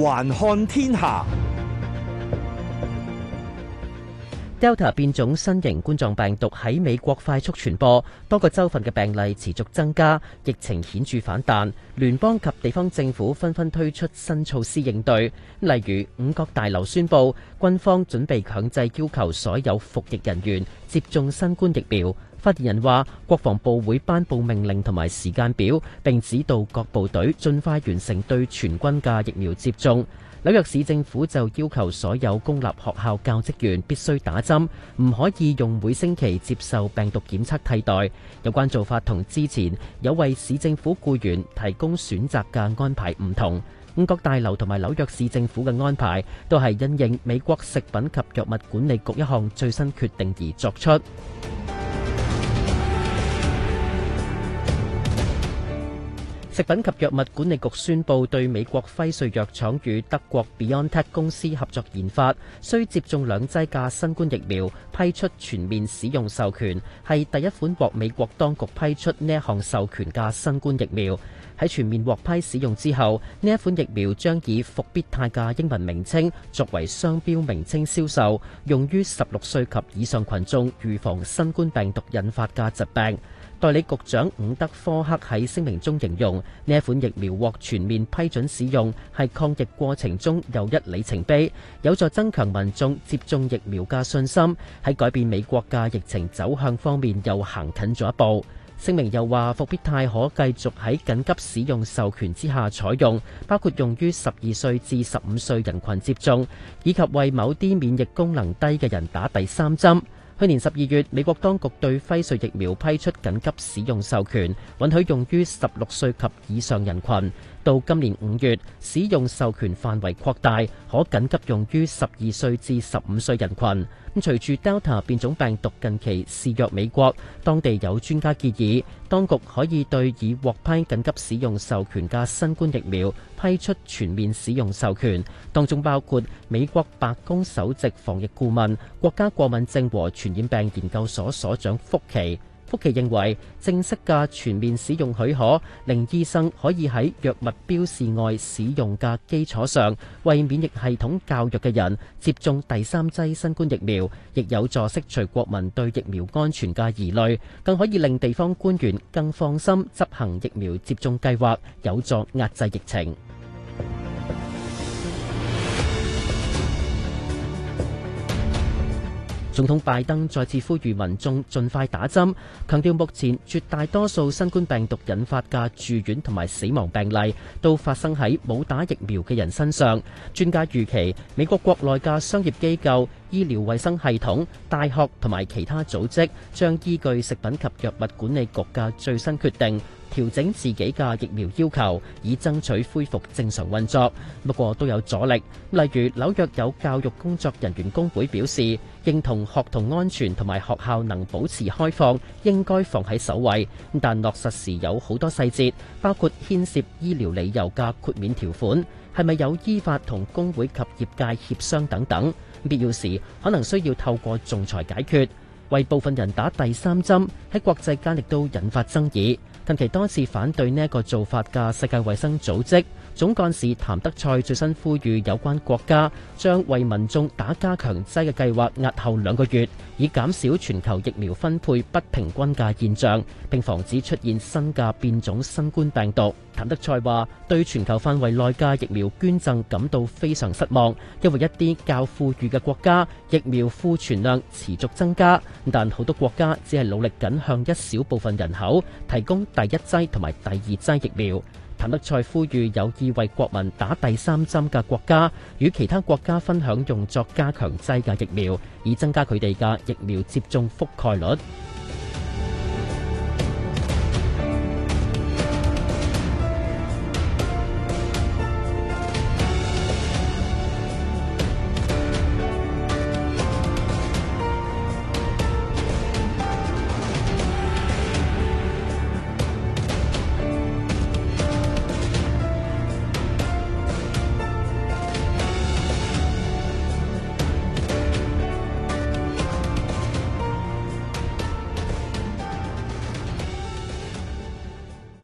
環看天下。Delta 變種新型冠狀病毒喺美國快速傳播，多個州份嘅病例持續增加，疫情顯著反彈。聯邦及地方政府紛紛推出新措施應對，例如五角大樓宣布，軍方準備強制要求所有服役人員接種新冠疫苗。發言人話：國防部會頒布命令同埋時間表，並指導各部隊盡快完成對全軍嘅疫苗接種。紐約市政府就要求所有公立學校教職員必須打針，唔可以用每星期接受病毒檢測替代。有關做法同之前有為市政府僱員提供選擇嘅安排唔同。五角大樓同埋紐約市政府嘅安排都係因應美國食品及藥物管理局一項最新決定而作出。食品及藥物管理局宣佈，對美國輝瑞藥廠與德國 BioNTech 公司合作研發需接種兩劑嘅新冠疫苗，批出全面使用授權，係第一款獲美國當局批出呢一項授權嘅新冠疫苗。喺全面獲批使用之後，呢一款疫苗將以復必泰嘅英文名稱作為商標名稱銷售，用於十六歲及以上群眾預防新冠病毒引發嘅疾病。代理局長伍德科克喺聲明中形容，呢一款疫苗獲全面批准使用，係抗疫過程中又一里程碑，有助增強民眾接種疫苗嘅信心，喺改變美國嘅疫情走向方面又行近咗一步。聲明又話，伏必泰可繼續喺緊急使用授權之下採用，包括用於12歲至15歲人群接種，以及為某啲免疫功能低嘅人打第三針。去年十二月，美國當局對輝瑞疫苗批出緊急使用授權，允許用於十六歲及以上人群。到今年五月，使用授權範圍擴大，可緊急用於十二歲至十五歲人群。隨住 Delta 變種病毒近期肆虐美國，當地有專家建議，當局可以對已獲批緊急使用授權嘅新冠疫苗批出全面使用授權，當中包括美國白宮首席防疫顧問、國家過敏症和傳染病研究所所長福奇。福奇認為，正式嘅全面使用許可，令醫生可以喺藥物標示外使用嘅基礎上，為免疫系統較弱嘅人接種第三劑新冠疫苗，亦有助釋除國民對疫苗安全嘅疑慮，更可以令地方官員更放心執行疫苗接種計劃，有助壓制疫情。總統拜登再次呼籲民眾盡快打針，強調目前絕大多數新冠病毒引發嘅住院同埋死亡病例都發生喺冇打疫苗嘅人身上。專家預期美國國內嘅商業機構、醫療衛生系統、大學同埋其他組織將依據食品及藥物管理局嘅最新決定，調整自己嘅疫苗要求，以爭取恢復正常運作。不過都有阻力，例如紐約有教育工作人員工會表示，認同學童安全同埋學校能保持開放應該放喺首位。但落實時有好多細節，包括牽涉醫療理由嘅豁免條款係咪有依法同工會及業界協商等等。必要時可能需要透過仲裁解決。為部分人打第三針，喺國際間亦都引發爭議。近期多次反對呢一個做法嘅世界衛生組織總幹事譚德賽最新呼籲有關國家將為民眾打加強劑嘅計劃押後兩個月，以減少全球疫苗分配不平均嘅現象，並防止出現新嘅變種新冠病毒。譚德賽話：對全球範圍內嘅疫苗捐贈感到非常失望，因為一啲較富裕嘅國家疫苗庫存量持續增加，但好多國家只係努力緊向一小部分人口提供第一劑同埋第二劑疫苗。譚德賽呼籲有意為國民打第三針嘅國家與其他國家分享用作加強劑嘅疫苗，以增加佢哋嘅疫苗接種覆蓋率。